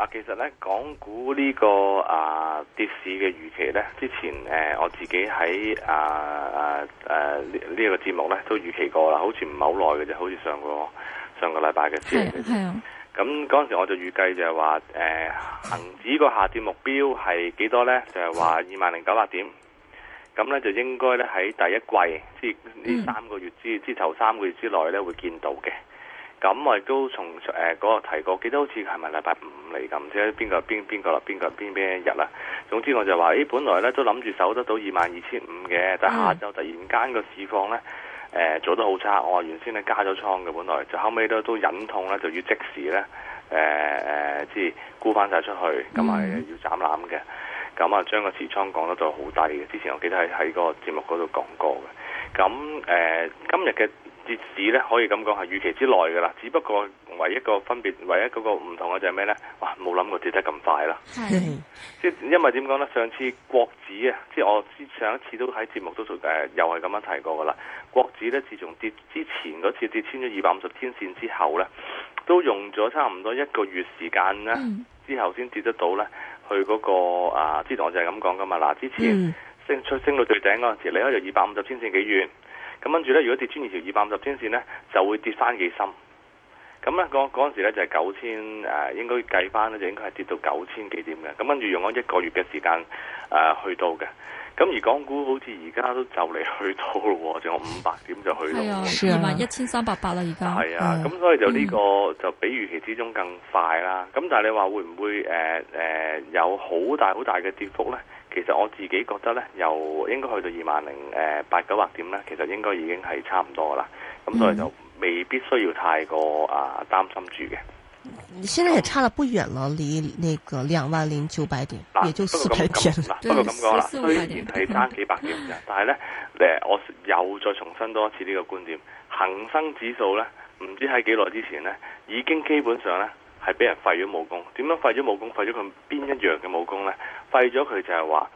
啊，其實咧，港股，這個啊、呢個啊跌市嘅預期咧，之前誒、呃、我自己喺啊啊誒呢呢個節目咧都預期過啦，好似唔係好耐嘅啫，好似上個上個禮拜嘅事。咁嗰陣時我就預計就係話誒，恆指個下跌目標係幾多咧？就係話二萬零九百點。咁咧就應該咧喺第一季，即係呢三個月之、嗯、之頭三個月之內咧會見到嘅。咁我亦都從誒嗰個提過，記得好似係咪禮拜五嚟咁，唔知邊個邊邊個啦，邊個邊邊一日啦。總之我就話，咦、欸，本來咧都諗住守得到二萬二千五嘅，但下晝突然間個市況咧誒、呃、做得好差，我話原先咧加咗倉嘅，本來就後尾都都忍痛咧就要即時咧誒即係沽翻晒出去，咁、呃、係要斬纜嘅。咁的、嗯、啊將個持倉降得到好低嘅，之前我記得係喺個節目嗰度講過嘅。咁誒、呃、今日嘅。跌市咧，可以咁講係預期之內嘅啦，只不過唯一個分別，唯一嗰個唔同嘅就係咩咧？哇，冇諗過跌得咁快啦！係，即係因為點講咧？上次國指啊，即係我之上一次都喺節目都做誒、呃，又係咁樣提過嘅啦。國指咧自從跌之前嗰次跌穿咗二百五十天線之後咧，都用咗差唔多一個月時間咧，之後先跌得到咧，去嗰、嗰個啊，之前我就係咁講㗎嘛。嗱，之前。 升出升到最頂嗰陣時，離開條二百五十天線幾遠，咁跟住咧，如果跌穿二條二百五十天線咧，就會跌翻幾深。咁咧，嗰嗰陣時咧就係九千誒，應該計翻咧就應該係跌到九千幾點嘅。咁跟住用咗一個月嘅時間誒、呃、去到嘅。咁而港股好似而家都就嚟去到咯，仲有五百點就去到了，二萬一千三百八啦，而家。係啊，咁所以就呢個就比預期之中更快啦。咁但係你話會唔會誒誒有好大好大嘅跌幅咧？其實我自己覺得咧，又應該去到二萬零誒八九百點咧，其實應該已經係差唔多啦。咁所以就未必需要太過啊、呃、擔心住嘅。嗯、那現在也差得不遠了離那個兩萬零九百點，也就四百點。不過咁講啦，雖然係差幾百點嘅。 但係咧，誒，我又再重申多一次呢個觀點：恒生指數咧，唔知喺幾耐之前咧，已經基本上咧。係俾人廢咗武功，點樣廢咗武功？廢咗佢邊一樣嘅武功呢？廢咗佢就係話，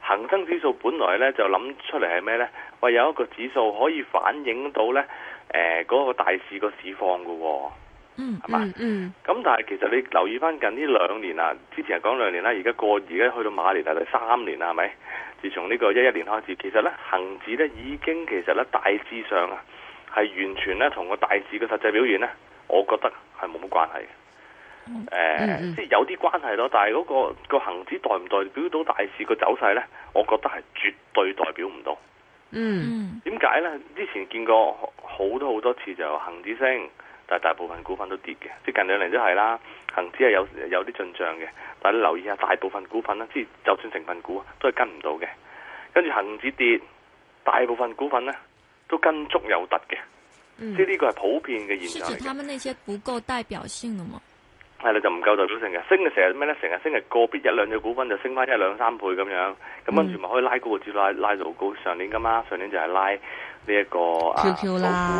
恒生指數本來呢，就諗出嚟係咩呢？喂，有一個指數可以反映到呢，誒嗰、呃嗰個大市個市況嘅喎。嗯，係嘛？嗯，咁但係其實你留意翻近呢兩年啊，之前係講兩年啦，而家過而家去到馬年大概三年啦，係咪？自從呢個一一年開始，其實呢恒指呢已經其實呢大致上啊，係完全呢同個大市嘅實際表現呢，我覺得係冇乜關係。誒，即係有啲關係咯，但係嗰、嗰個、嗰個恒指代唔代表到大市個走勢咧？我覺得係絕對代表唔到。嗯，點解咧？之前見過好多好多次就恒指升，但係大部分股份都跌嘅，即係近兩年都係啦。恒指係有有啲進賬嘅，但係你留意下大部分股份啦，即係就算成分股都係跟唔到嘅。跟住恒指跌，大部分股份咧都跟足有突嘅。嗯、即係呢個係普遍嘅現象嚟。是指他們那些不夠代表性嘅嗎？係啦，就唔夠代表性嘅，升嘅成日咩咧？成日升嘅個別一兩隻股份就升返一兩三倍咁樣，咁啊、嗯，全部可以拉高，至拉拉到高。上年噶嘛，嘛，上年就係拉呢、這、一個 Q Q 啊，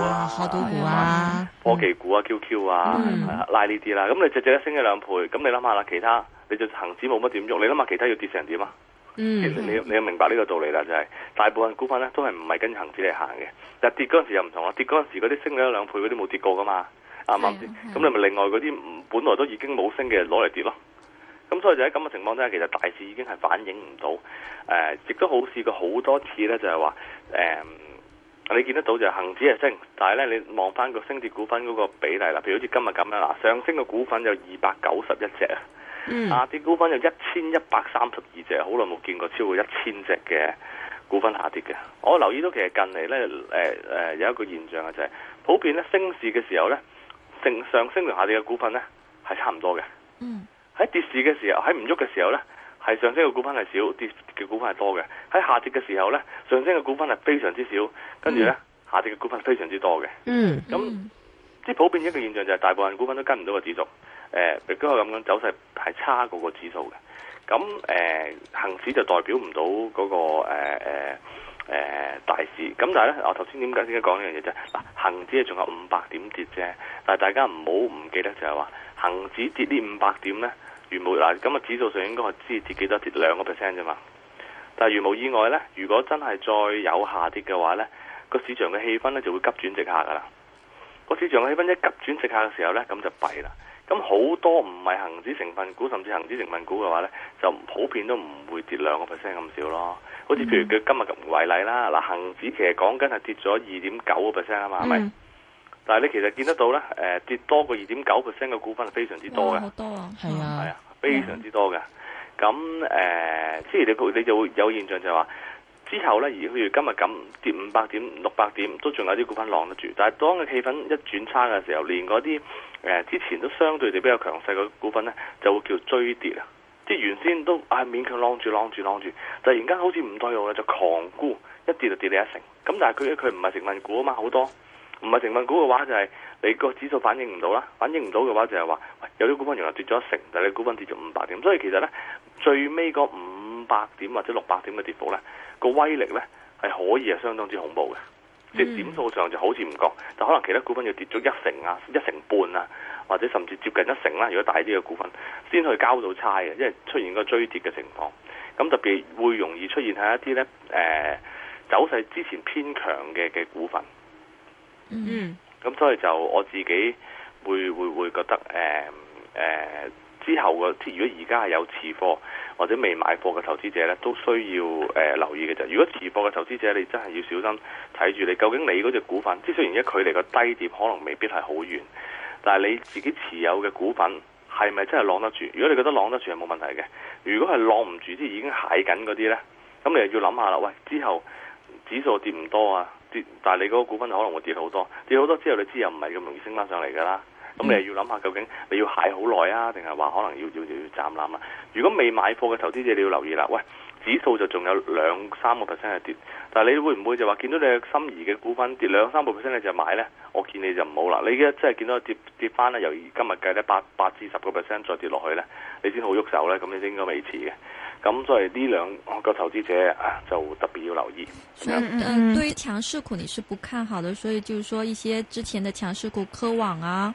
股啊、科技股啊，QQ 啊，拉呢啲啦。咁、嗯嗯、你隻隻一升一兩倍，咁你諗下啦，其他你就恒指冇乜點用，你諗下其他要跌成點啊？嗯，其實你你要明白呢個道理啦，就係、是、大部分股份咧都係唔係跟恆指嚟行嘅，但、就、係、是、跌嗰陣時又唔同啦，跌嗰陣時嗰啲升咗一兩倍嗰啲冇跌過噶嘛。啱啱先？咁、啊啊、你咪另外嗰啲本來都已經冇升嘅攞嚟跌咯。咁所以就喺咁嘅情況之下，其實大市已經係反映唔到。誒、呃，亦都好試過好多次咧，就係話誒，你見得到就係恒指係升，但係咧你望翻個升跌股份嗰個比例啦。譬如好似今日咁啦，上升嘅股份有二百九十一隻、嗯、啊，下跌股份有一千一百三十二隻，好耐冇見過超過一千隻嘅股份下跌嘅。我留意到其實近嚟咧、呃呃，有一個現象嘅就係、是、普遍咧升市嘅時候咧。成上升同下跌嘅股份呢，係差唔多嘅。嗯，喺跌市嘅時候，喺唔喐嘅時候呢，係上升嘅股份係少，跌嘅股份係多嘅。喺下跌嘅時候呢，上升嘅股份係非常之少，跟住呢，下跌嘅股份非常之多嘅。嗯，咁即係普遍一個現象就係大部分股份都跟唔到個指數、呃、走走個指數，誒亦都係咁樣，走勢係差過個指數嘅。咁誒，行市就代表唔到嗰個誒誒。呃呃誒、呃、大市，咁但係咧，我頭先點解先講呢樣嘢啫？嗱，恒指啊，仲有五百點跌啫，但係大家唔好唔記得就係話恒指跌呢五百點咧，如無嗱咁啊，指數上應該係只跌幾多跌兩個 percent 啫嘛。但係如無意外咧，如果真係再有下跌嘅話咧，個市場嘅氣氛咧就會急轉直下噶啦。個市場嘅氣氛一急轉直下嘅時候咧，咁就弊啦。咁好多唔係恒指成分股，甚至恒指成分股嘅話呢，就普遍都唔會跌兩個 percent 咁少咯。好似譬如佢今日咁為例啦，嗱、嗯、恆指其實講緊係跌咗二點九個 percent 啊嘛，係咪？嗯、但係你其實見得到呢，誒、呃、跌多過二點九 percent 嘅股份係非常之多嘅，好多啊，係啊，係啊，非常之多嘅。咁誒、啊，即係、呃、你你就會有現象就係、是、話。之後呢，而譬如今日咁跌五百點、六百點，都仲有啲股份浪得住。但係當嘅氣氛一轉差嘅時候，連嗰啲、呃、之前都相對地比較強勢嘅股份呢，就會叫追跌啊！即係原先都唉、哎、勉強攬住浪住浪住，突然間好似唔對路啦，就狂沽，一跌就跌你一成。咁但係佢佢唔係成分股啊嘛，好多唔係成分股嘅話就係你個指數反映唔到啦，反映唔到嘅話就係話，有啲股份原來跌咗一成，但係你股份跌咗五百點，所以其實呢，最尾、嗰個五。百點或者六百點嘅跌幅咧，個威力咧係可以係相當之恐怖嘅。即係點數上就好似唔覺，但可能其他股份要跌咗一成啊、一成半啊，或者甚至接近一成啦、啊，如果大啲嘅股份先去交到差嘅，因為出現個追跌嘅情況。咁特別會容易出現喺一啲咧誒走勢之前偏強嘅嘅股份。嗯。咁所以就我自己會會會覺得誒誒。呃呃之後嘅，如果而家係有持貨或者未買貨嘅投資者呢，都需要誒、呃、留意嘅就如果持貨嘅投資者，你真係要小心睇住你究竟你嗰隻股份，即雖然而家距離個低點可能未必係好遠，但係你自己持有嘅股份係咪真係攞得住？如果你覺得攞得住係冇問題嘅，如果係攞唔住，即係已經蟹緊嗰啲呢，咁你又要諗下啦。喂，之後指數跌唔多啊，跌，但係你嗰個股份可能會跌好多，跌好多之後你知又唔係咁容易升翻上嚟㗎啦。咁、嗯、你又要諗下究竟你要捱好耐啊，定係話可能要要要斬纜啊？如果未買貨嘅投資者你要留意啦。喂，指數就仲有兩三個 percent 係跌，但係你會唔會就話見到你嘅心儀嘅股份跌兩三個 percent 你就買呢？我建議你就唔好啦。你嘅即係見到跌跌翻咧，由今日計咧八八至十個 percent 再跌落去呢，你先好喐手呢。咁你應該未遲嘅。咁所以呢兩個投資者啊，就特別要留意。嗯嗯嗯。樣嗯對於強勢股，你是不看好的，所以就是說，一些之前的強勢股科網啊。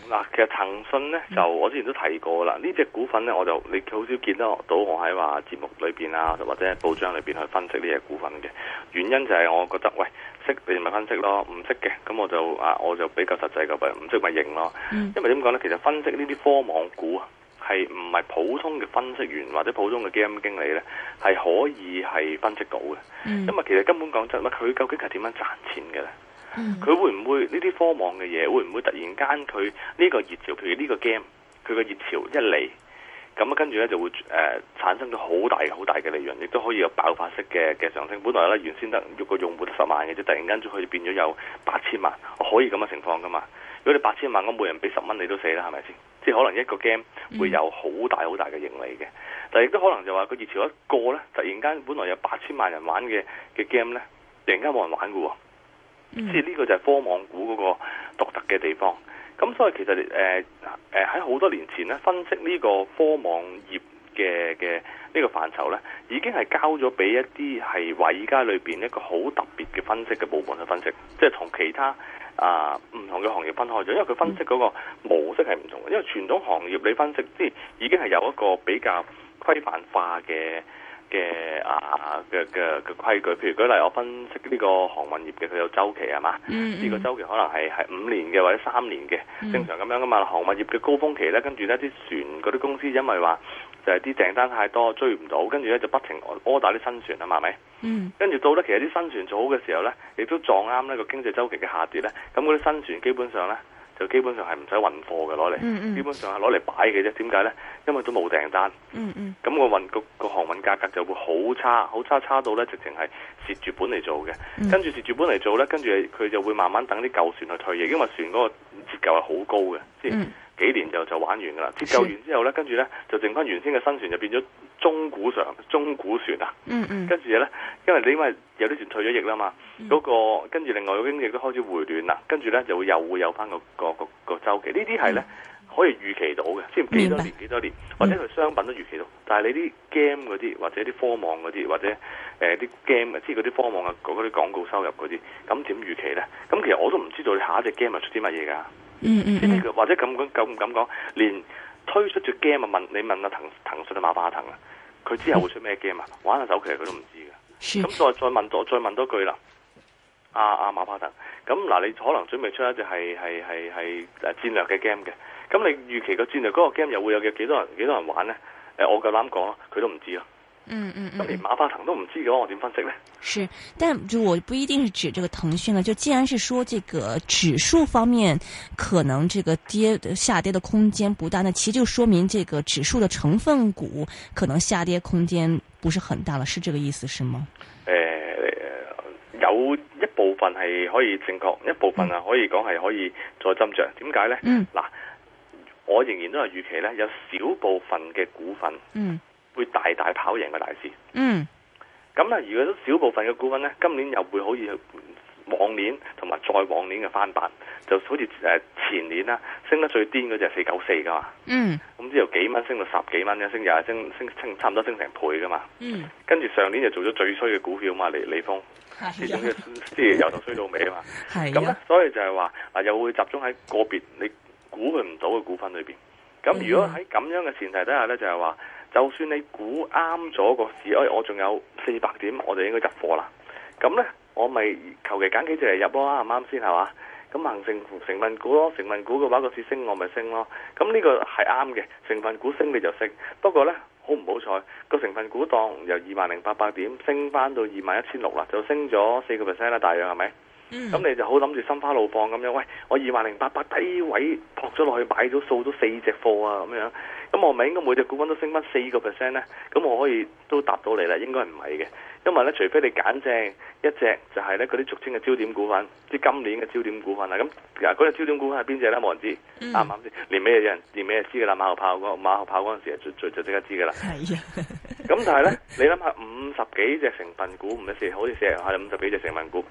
嗱，其實騰訊咧就我之前都提過啦，呢隻股份咧我就你好少見得到我喺話節目裏邊啊，或者報章裏邊去分析呢隻股份嘅原因就係我覺得喂識你咪分析咯，唔識嘅咁我就啊我就比較實際嘅，咪唔識咪認咯。因為點講咧？其實分析呢啲科網股啊，係唔係普通嘅分析員或者普通嘅基金經理咧，係可以係分析到嘅。因為其實根本講真，咪佢究竟係點樣賺錢嘅咧？佢會唔會呢啲科網嘅嘢？會唔會突然間佢呢個熱潮，譬如呢個 game，佢個熱潮一嚟，咁啊跟住咧就會誒、呃、產生咗好大好大嘅利潤，亦都可以有爆發式嘅嘅上升。本來咧原先得一個用戶十萬嘅啫，突然間佢變咗有八千萬，可以咁嘅情況噶嘛？如果你八千萬，我每人俾十蚊，你都死啦，係咪先？即係可能一個 game 會有好大好大嘅盈利嘅，但係亦都可能就話個熱潮一過咧，突然間本來有八千萬人玩嘅嘅 game 咧，突然間冇人玩噶喎、啊。即係呢個就係科網股嗰個獨特嘅地方。咁所以其實誒誒喺好多年前咧，分析呢個科網業嘅嘅呢個範疇咧，已經係交咗俾一啲係華爾街裏邊一個好特別嘅分析嘅部門去分析。即係同其他啊唔同嘅行業分開咗，因為佢分析嗰個模式係唔同嘅。因為傳統行業你分析即係已經係有一個比較規範化嘅。嘅啊嘅嘅嘅規矩，譬如舉例，我分析呢個航運業嘅佢有周期係嘛？呢、mm hmm. 個周期可能係係五年嘅或者三年嘅，mm hmm. 正常咁樣噶嘛？航運業嘅高峰期咧，跟住咧啲船嗰啲公司因為話就係啲訂單太多追唔到，跟住咧就不停 order 啲新船啊嘛係咪，mm hmm. 跟住到咧其實啲新船做好嘅時候咧，亦都撞啱呢個經濟周期嘅下跌咧，咁嗰啲新船基本上咧。就基本上係唔使運貨嘅攞嚟，用來嗯嗯基本上係攞嚟擺嘅啫。點解呢？因為都冇訂單。咁個運個個航運價格就會好差，好差差到呢直情係蝕住本嚟做嘅、嗯。跟住蝕住本嚟做呢，跟住佢就會慢慢等啲舊船去退役，因為船嗰個折舊係好高嘅，即幾年就就玩完㗎啦。折舊完之後呢，跟住呢就剩翻原先嘅新船就變咗。中股上中股船啊，嗯嗯跟住咧，因為你因為有啲船退咗役啦嘛，嗰、嗯那個跟住另外個經濟都開始回暖啦，跟住咧就會又會有翻、那個、那個、那個周期，呢啲係咧可以預期到嘅，即幾多年幾、嗯、多年，或者佢商品都預期到，嗯、但係你啲 game 嗰啲或者啲科網嗰啲或者啲、呃、game 啊，即係嗰啲科網啊嗰啲廣告收入嗰啲，咁點預期咧？咁其實我都唔知道你下一隻 game 係出啲乜嘢㗎，嗯，嗯嗯，或者咁咁咁講，連推出隻 game 你問你問啊騰騰訊啊馬化騰啊？佢之後會出咩 game 啊？玩下手其實佢、啊、都唔知嘅。咁再問再問多再問多句啦。阿、啊、阿、啊、馬化騰，咁嗱，你可能準備出一隻係係係係戰略嘅 game 嘅。咁你預期個戰略嗰個 game 又會有幾多人幾多人玩咧？誒，我夠膽講，佢都唔知咯。嗯嗯，嗯連馬化騰都唔知嘅話，我點分析呢？是，但就我不一定是指這個騰訊呢，就既然是說這個指數方面可能這個跌下跌的空間不大，那其實就說明這個指數的成分股可能下跌空間不是很大了，是這個意思，是嗎？誒、呃，有一部分係可以正確，一部分啊可以講係可以再斟酌。點解、嗯、呢？嗯，嗱，我仍然都係預期呢，有小部分嘅股份。嗯。會大大跑贏嘅大市，嗯，咁呢，如果都小部分嘅股份咧，今年又會可以去往年同埋再往年嘅翻版，就好似誒前年啦，升得最癲嗰隻四九四噶嘛，嗯，咁由幾蚊升到十幾蚊升又係升升，升差唔多升成倍噶嘛，嗯，跟住上年就做咗最衰嘅股票嘛，利利豐，呢種即係由頭衰到尾啊嘛，係咁咧，所以就係話又會集中喺個別你估佢唔到嘅股份裏邊，咁如果喺咁樣嘅前提底下咧，就係話。就算你估啱咗個市，哎，我仲有四百點，我就應該入貨啦。咁呢，我咪求其揀幾隻嚟入咯，啱唔啱先係嘛？咁恆生成分股咯，成分股嘅話個市升，我咪升咯。咁呢個係啱嘅，成分股升你就升。不過呢，好唔好彩？個成分股當由二萬零八百點升翻到二萬一千六啦，就升咗四個 percent 啦，大約係咪？咁、嗯、你就好諗住心花怒放咁樣，喂，我二萬零八百低位撲咗落去買咗數咗四隻貨啊，咁樣。我咪應該每隻股份都升翻四個 percent 咧？咁我可以都答到你啦，應該唔係嘅，因為咧除非你揀正一隻，就係咧嗰啲俗稱嘅焦點股份，即係今年嘅焦點股份啦。咁嗱，嗰隻焦點股份係邊隻咧？冇人知，啱唔啱先？連咩人，連咩知嘅啦？馬後炮嗰馬後炮嗰陣時就就即刻知嘅啦。係是啊，咁 但係咧，你諗下五十幾隻成分股，唔好意思，好似成係五十幾隻成分股。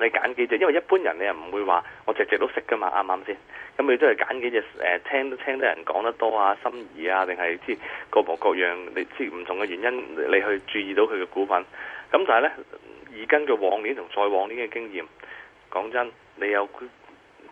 你揀幾隻，因為一般人你又唔會話我隻隻都識噶嘛，啱啱先？咁你都係揀幾隻誒，聽聽得人講得多啊，心儀啊，定係知各模各樣，你知唔同嘅原因，你去注意到佢嘅股份。咁但係呢，以根據往年同再往年嘅經驗，講真，你有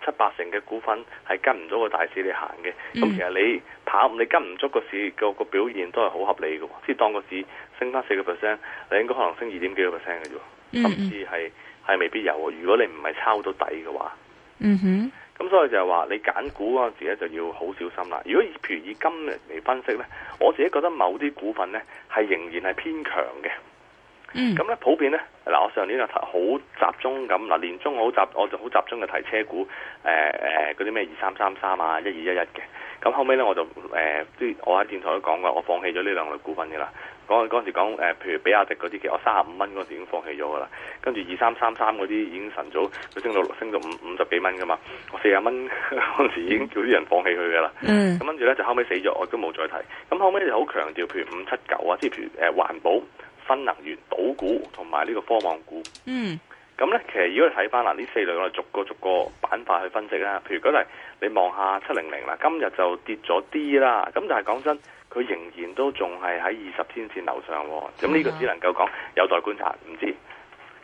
七八成嘅股份係跟唔到個大市嚟行嘅。咁、嗯、其實你跑，你跟唔足個市個個表現都係好合理嘅，即係當個市升返四個 percent，你應該可能升二點幾個 percent 嘅啫，甚至係。嗯係未必有喎，如果你唔係抄到底嘅話，嗯哼，咁所以就係話你揀股嗰陣時咧就要好小心啦。如果譬如以今日嚟分析咧，我自己覺得某啲股份咧係仍然係偏強嘅，嗯，咁咧普遍咧嗱，我上年就好集中咁嗱，年中好集我就好集中嘅提車股，誒誒嗰啲咩二三三三啊，一二一一嘅，咁後尾咧我就誒，啲、呃、我喺電台都講過，我放棄咗呢兩類股份嘅啦。講嗰陣時講譬如比亞迪嗰啲，其實我三十五蚊嗰陣時已經放棄咗噶啦。跟住二三三三嗰啲已經晨早佢升到升到五五十幾蚊噶嘛，我四十蚊嗰陣時已經叫啲人放棄佢噶啦。咁跟住咧就後尾死咗，我都冇再提。咁後尾就好強調，譬如五七九啊，即係譬如誒、啊、環保、新能源、賭股同埋呢個科網股。嗯。咁咧，其實如果你睇翻嗱，呢四類我哋逐個逐個板塊去分析啦。譬如講嚟，你望下七零零啦，今日就跌咗啲啦。咁但係講真，佢仍然都仲係喺二十天線樓上，咁呢個只能夠講有待觀察，唔知。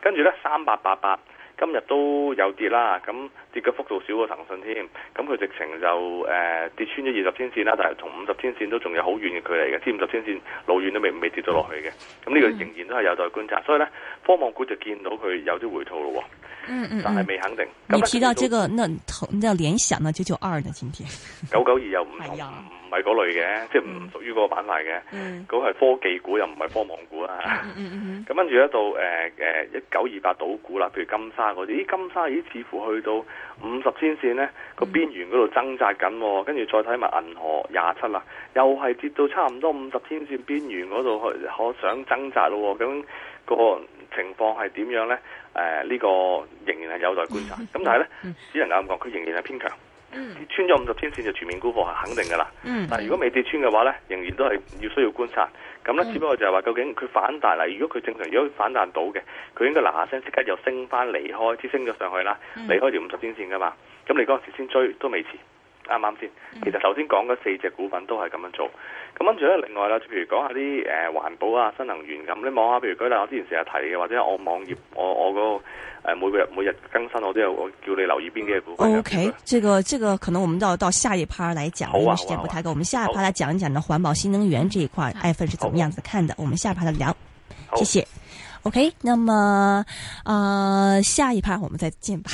跟住咧，三八八八，今日都有跌啦，咁跌嘅幅度少過騰訊添，咁佢直情就誒、呃、跌穿咗二十天線啦，但係同五十天線都仲有好遠嘅距離嘅，即五十天線老遠都未未跌咗落去嘅，咁呢個仍然都係有待觀察。嗯、所以咧，科網股就見到佢有啲回吐咯，嗯嗯嗯，但係未肯定。你提到這個，嗯、那，那你就就 同，哎、呀那聯想啊，九九二嘅今天九九二又唔係唔係嗰類嘅，即係唔屬於嗰個板塊嘅，嗰係、嗯嗯、科技股又唔係科網股啦。咁跟住一到誒誒一九二八賭股啦，譬如金沙，啲金沙已似乎去到五十天線呢個邊緣嗰度掙扎緊，啊，跟住再睇埋銀河廿七啦，又係跌到差唔多五十天線邊緣嗰度去，可想掙扎咯。咁，嗰個情況係點樣呢？誒、呃、呢、呢個仍然係有待觀察。咁但係呢，只能夠咁講，佢仍然係偏強。跌穿咗五十天線就全面沽貨，肯定噶啦。嗯，但係如果未跌穿嘅話咧，仍然都係要需要觀察。咁咧，只不過就係話究竟佢反彈啦。如果佢正常，如果反彈到嘅，佢應該嗱下聲即刻又升返離開，即升咗上去啦，離開條五十天線噶嘛。咁你嗰陣時先追都未遲。啱啱先？其實頭先講嗰四隻股份都係咁樣做，咁跟住咧，另外啦，譬如講下啲誒環保啊、新能源咁，你望下，譬如舉例我之前成日提嘅，或者我網頁我我嗰個誒，每個日每日更新，我都有我叫你留意邊幾隻股份。OK，嗯、這個這個可能我們到到下一趴來講，啊、因為時間不太夠。啊、我們下一趴來講一講呢環保新能源這一塊，iphone、啊啊、是怎麼樣子看的？啊、我們下一趴再聊。好啊、謝謝。OK，那麼啊、呃，下一趴我們再見吧。